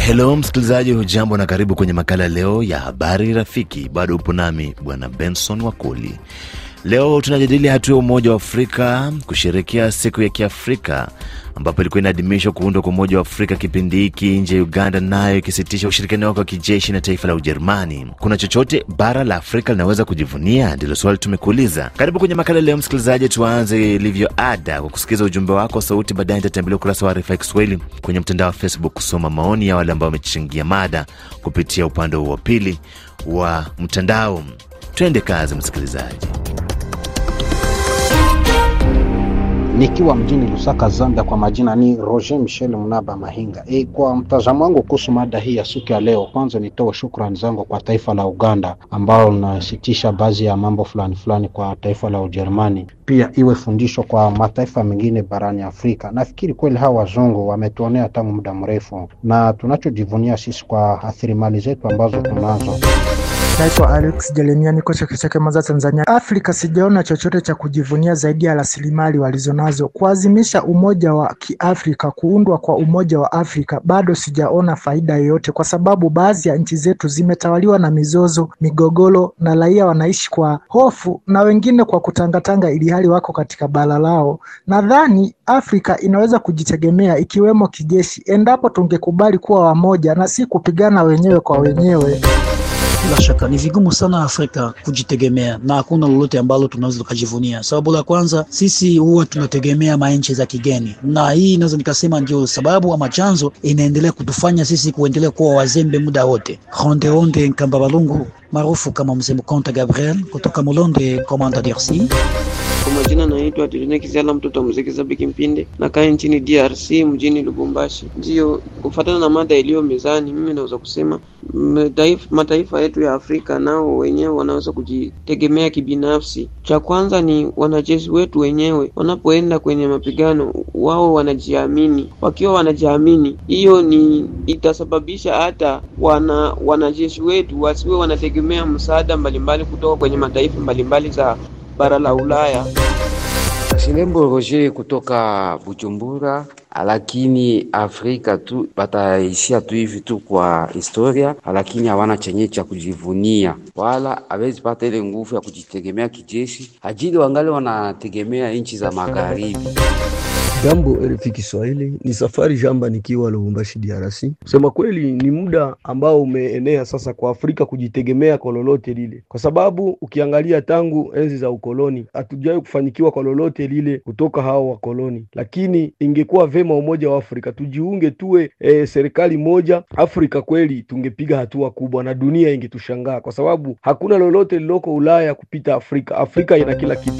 Helo msikilizaji, hujambo na karibu kwenye makala leo ya habari rafiki. Bado upo nami Bwana Benson Wakoli. Leo tunajadili hatua ya Umoja wa Afrika kusherekea siku ya Kiafrika ambapo ilikuwa inaadhimishwa kuundwa kwa Umoja wa Afrika, kipindi hiki nje ya Uganda nayo ikisitisha ushirikiano wake wa kijeshi na taifa la Ujerumani. Kuna chochote bara la Afrika linaweza kujivunia? Ndilo swali tumekuuliza. Karibu kwenye makala leo, msikilizaji. Tuanze ilivyo ada kwa kusikiza ujumbe wako sauti. Baadaye nitatembelea ukurasa wa RFI Kiswahili kwenye mtandao wa Facebook kusoma maoni ya wale ambao wamechangia mada kupitia upande wa pili wa mtandao. Twende kazi, msikilizaji. nikiwa mjini Lusaka, Zambia. Kwa majina ni Roger Michel Mnaba Mahinga. E, kwa mtazamo wangu kuhusu mada hii ya siku ya leo, kwanza nitoe shukrani zangu kwa taifa la Uganda ambao linasitisha baadhi ya mambo fulani fulani kwa taifa la Ujerumani, pia iwe fundisho kwa mataifa mengine barani Afrika. Nafikiri kweli hawa wazungu wametuonea tangu muda mrefu, na tunachojivunia sisi kwa athirimali zetu ambazo tunazo Naitwa Alex Jeremia, niko Chakechake, Mwanza, Tanzania. Afrika sijaona chochote cha kujivunia zaidi ya rasilimali walizonazo. Kuazimisha umoja wa Kiafrika, kuundwa kwa Umoja wa Afrika, bado sijaona faida yoyote, kwa sababu baadhi ya nchi zetu zimetawaliwa na mizozo, migogoro, na raia wanaishi kwa hofu na wengine kwa kutangatanga, ili hali wako katika bara lao. Nadhani Afrika inaweza kujitegemea, ikiwemo kijeshi, endapo tungekubali kuwa wamoja na si kupigana wenyewe kwa wenyewe. Bila shaka ni vigumu sana Afrika kujitegemea na hakuna lolote ambalo tunaweza tukajivunia. Sababu la kwanza, sisi huwa tunategemea manchi za kigeni, na hii naweza nikasema ndio sababu ama chanzo inaendelea kutufanya sisi kuendelea kuwa wazembe muda wote. rondeonde nkamba balungu maarufu kama Mzee Mkonta Gabriel kutoka Mulonde Komanda DRC. Kwa majina naitwa Tirine Kizala, mtoto wa mzee Kizabe Kimpinde, nakaa nchini DRC mjini Lubumbashi. ndio kufuatana na mada iliyo mezani, mimi naweza kusema mataifa yetu ya Afrika nao wenyewe wanaweza kujitegemea kibinafsi. Cha kwanza ni wanajeshi wetu wenyewe, wanapoenda kwenye mapigano wao wanajiamini. Wakiwa wanajiamini, hiyo ni itasababisha hata wana wanajeshi wetu wasiwe wanategemea kutegemea msaada mbalimbali kutoka kwenye mataifa mbalimbali za bara la Ulaya. Silembo Roger kutoka Bujumbura. Lakini Afrika tu bataishia tu hivi tu kwa historia, lakini hawana chenye cha kujivunia, wala hawezi pata ile nguvu ya kujitegemea kijeshi, ajili wangali wanategemea nchi za magharibi. Jambo RFI Kiswahili, ni safari jamba nikiwa Lubumbashi DRC. Kusema kweli ni muda ambao umeenea sasa kwa Afrika kujitegemea kwa lolote lile, kwa sababu ukiangalia tangu enzi za ukoloni hatujawahi kufanikiwa kwa lolote lile kutoka hao wakoloni, lakini ingekuwa vema umoja wa Afrika tujiunge, tuwe e, serikali moja Afrika, kweli tungepiga hatua kubwa na dunia ingetushangaa, kwa sababu hakuna lolote liloko Ulaya kupita Afrika. Afrika ina kila kitu.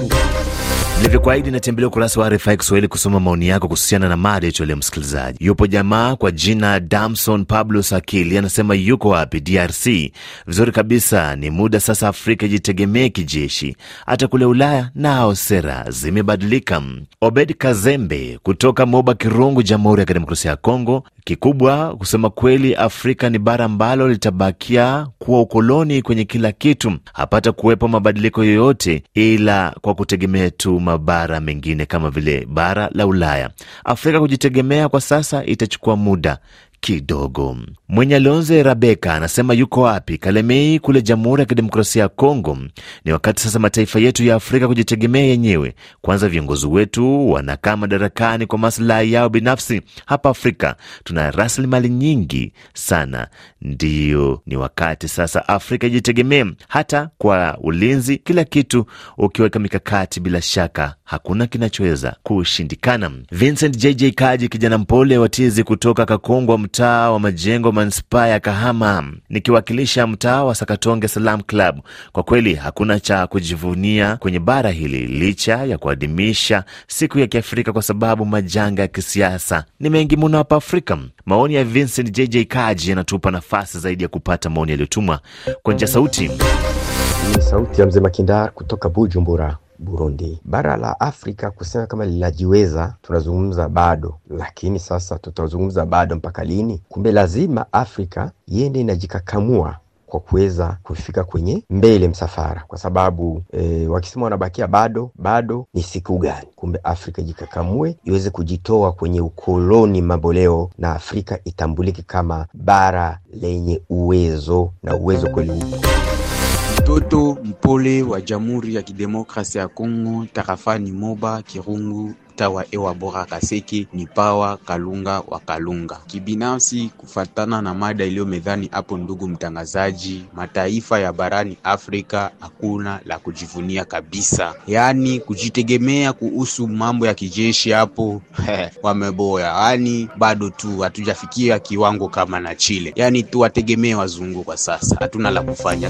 Nilivyokuahidi natembelea ukurasa wa RFI Kiswahili kusoma maoni yako kuhusiana na mada yacholea msikilizaji. Yupo jamaa kwa jina Damson Pablo Sakili, anasema yuko wapi? DRC. Vizuri kabisa, ni muda sasa Afrika ijitegemee kijeshi, hata kule Ulaya nao sera zimebadilika. Obed Kazembe kutoka Moba Kirungu, Jamhuri ya Kidemokrasia ya Kongo. Kikubwa kusema kweli, Afrika ni bara ambalo litabakia kuwa ukoloni kwenye kila kitu, hapata kuwepo mabadiliko yoyote ila kwa kutegemea tu mabara mengine kama vile bara la Ulaya. Afrika kujitegemea kwa sasa itachukua muda kidogo. Mwenye Lonze Rabeka anasema yuko wapi? Kalemei kule Jamhuri ya Kidemokrasia ya Kongo. Ni wakati sasa mataifa yetu ya Afrika kujitegemea yenyewe. Kwanza viongozi wetu wanakaa madarakani kwa maslahi yao binafsi. Hapa Afrika tuna rasilimali nyingi sana, ndiyo ni wakati sasa Afrika ijitegemee hata kwa ulinzi. Kila kitu ukiweka mikakati, bila shaka hakuna kinachoweza kushindikana. Vincent JJ Kaji, kijana mpole watizi kutoka Kakongwa mtaa wa Majengo, manispaa ya Kahama, nikiwakilisha mtaa wa Sakatonge Salam Club. Kwa kweli hakuna cha kujivunia kwenye bara hili, licha ya kuadhimisha siku ya Kiafrika, kwa sababu majanga ya kisiasa ni mengi muno hapa Afrika. Maoni ya Vincent JJ Kaji yanatupa nafasi zaidi ya kupata maoni yaliyotumwa kwa njia sauti. Ni sauti ya mzee Makindar kutoka Bujumbura. Burundi. Bara la Afrika kusema kama linajiweza, tunazungumza bado, lakini sasa tutazungumza bado mpaka lini? Kumbe lazima Afrika iende inajikakamua kwa kuweza kufika kwenye mbele msafara, kwa sababu e, wakisema wanabakia bado bado, ni siku gani? Kumbe Afrika jikakamue iweze kujitoa kwenye ukoloni mamboleo, na Afrika itambulike kama bara lenye uwezo na uwezo kweli Mtoto mpole wa Jamhuri ya Kidemokrasia ya Kongo tarafani Moba Kirungu tawa ewabora bora Kaseke ni pawa Kalunga wa Kalunga. Kibinafsi, kufatana na mada iliyo medhani hapo, ndugu mtangazaji, mataifa ya barani Afrika hakuna la kujivunia kabisa, yaani kujitegemea kuhusu mambo ya kijeshi hapo wameboya, yaani bado tu hatujafikia kiwango kama na Chile, yaani tuwategemee wazungu kwa sasa, hatuna la kufanya.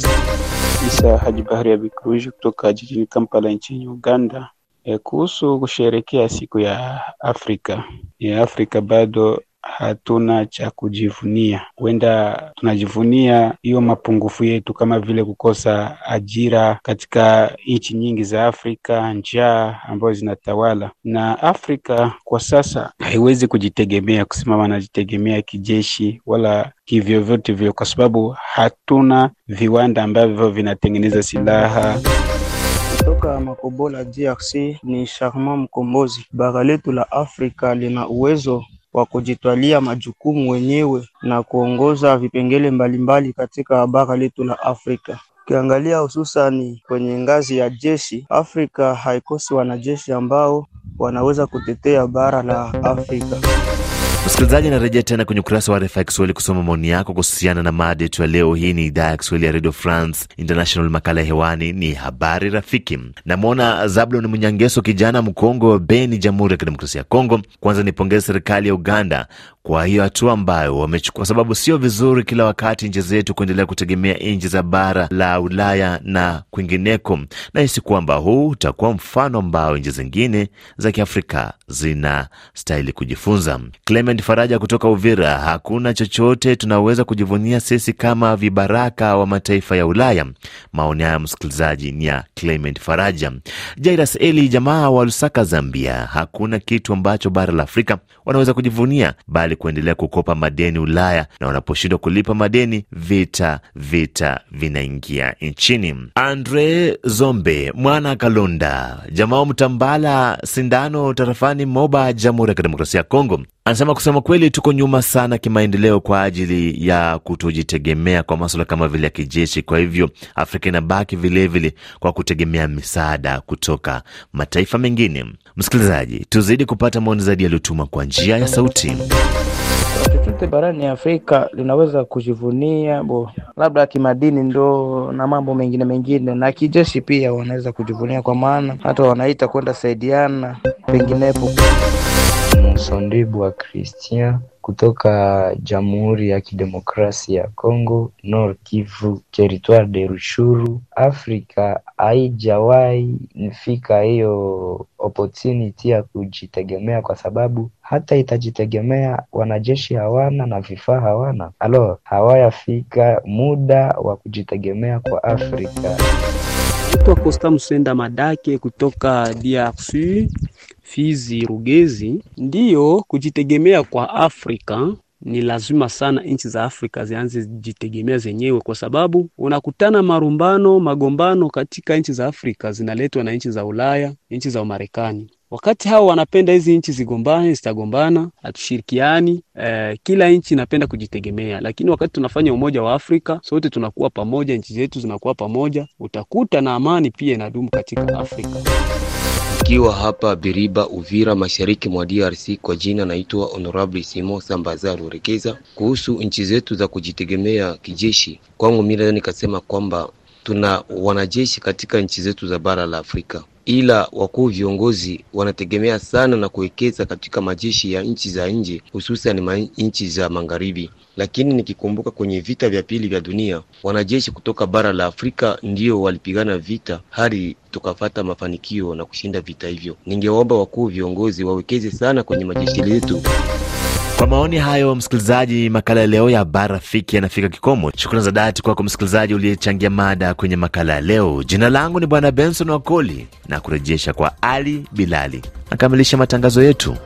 Isa Haji Bahari ya Bikruji kutoka jijini Kampala nchini Uganda. E, kuhusu kusherekea siku ya Afrika ya Afrika bado hatuna cha kujivunia. Huenda tunajivunia hiyo mapungufu yetu, kama vile kukosa ajira katika nchi nyingi za Afrika, njaa ambayo zinatawala, na Afrika kwa sasa haiwezi kujitegemea, kusimama wanajitegemea kijeshi wala kivyovyote vile, kwa sababu hatuna viwanda ambavyo vinatengeneza silaha. Kutoka Makobola DRC ni Sharma Mkombozi. Bara letu la Afrika lina uwezo wa kujitwalia majukumu wenyewe na kuongoza vipengele mbalimbali katika bara letu la Afrika. Ukiangalia hususani kwenye ngazi ya jeshi, Afrika haikosi wanajeshi ambao wanaweza kutetea bara la Afrika. Msikilizaji, narejea tena kwenye ukurasa wa RFI Kiswahili kusoma maoni yako kuhusiana na mada yetu ya leo. Hii ni idhaa ya Kiswahili ya Radio France International. Makala ya hewani ni habari rafiki. Namwona Zablon mnyangeso kijana Mkongo wa Beni, Jamhuri ya Kidemokrasia ya Kongo. Kwanza nipongeze serikali ya Uganda kwa hiyo hatua ambayo wamechukua, sababu sio vizuri kila wakati nchi zetu kuendelea kutegemea nchi za bara la Ulaya na kwingineko. Nahisi kwamba huu utakuwa mfano ambao nchi zingine za Kiafrika zinastahili kujifunza. Clement Faraja kutoka Uvira, hakuna chochote tunaweza kujivunia sisi kama vibaraka wa mataifa ya Ulaya. Maoni hayo msikilizaji ni ya Clement Faraja. Jairas Eli, jamaa wa Lusaka, Zambia, hakuna kitu ambacho bara la Afrika wanaweza kujivunia bali serikali kuendelea kukopa madeni Ulaya, na wanaposhindwa kulipa madeni, vita vita vinaingia nchini. Andre Zombe Mwana Kalonda, Jamao Mtambala Sindano, tarafani Moba, Jamhuri ya Kidemokrasia ya Kongo, anasema kusema kweli, tuko nyuma sana kimaendeleo kwa ajili ya kutojitegemea kwa maswala kama vile ya kijeshi. Kwa hivyo Afrika inabaki vilevile kwa kutegemea misaada kutoka mataifa mengine. Msikilizaji, tuzidi kupata maoni zaidi yaliyotuma kwa njia ya sauti chochote barani Afrika linaweza kujivunia bo, labda kimadini ndo na mambo mengine mengine, na kijeshi pia wanaweza kujivunia, kwa maana hata wanaita kwenda saidiana penginepo. Musondibu Christian kutoka Jamhuri ya Kidemokrasia ya Kongo Nord Kivu territoire de Rushuru. Afrika haijawahi nifika hiyo opportunity ya kujitegemea, kwa sababu hata itajitegemea wanajeshi hawana na vifaa hawana, alo hawayafika muda wa kujitegemea kwa Afrika. Costa Musenda Madake kutoka DRC. Fizi Rugezi, ndiyo kujitegemea kwa Afrika ni lazima sana nchi za Afrika zianze jitegemea zenyewe, kwa sababu unakutana marumbano, magombano katika nchi za Afrika zinaletwa na nchi za Ulaya, nchi za Marekani. Wakati hao wanapenda hizi nchi zigombane, zitagombana, hatushirikiani. Eh, kila nchi inapenda kujitegemea, lakini wakati tunafanya umoja wa Afrika, sote tunakuwa pamoja, nchi zetu zinakuwa pamoja, utakuta na amani pia inadumu katika Afrika. Nikiwa hapa Biriba, Uvira, mashariki mwa DRC. Kwa jina naitwa Honorable Simo Sambaza Rekeza. Kuhusu nchi zetu za kujitegemea kijeshi, kwangu mimi nikasema kwamba tuna wanajeshi katika nchi zetu za bara la Afrika, ila wakuu viongozi wanategemea sana na kuwekeza katika majeshi ya nchi za nje, hususan nchi za magharibi. Lakini nikikumbuka kwenye vita vya pili vya dunia, wanajeshi kutoka bara la Afrika ndio walipigana vita hadi tukapata mafanikio na kushinda vita hivyo. Ningeomba wakuu viongozi wawekeze sana kwenye majeshi yetu. Kwa maoni hayo, msikilizaji, makala ya leo ya Habari Rafiki yanafika kikomo. Shukrani za dhati kwako msikilizaji uliyechangia mada kwenye makala ya leo. Jina langu ni Bwana Benson Wakoli na kurejesha kwa Ali Bilali nakamilisha matangazo yetu.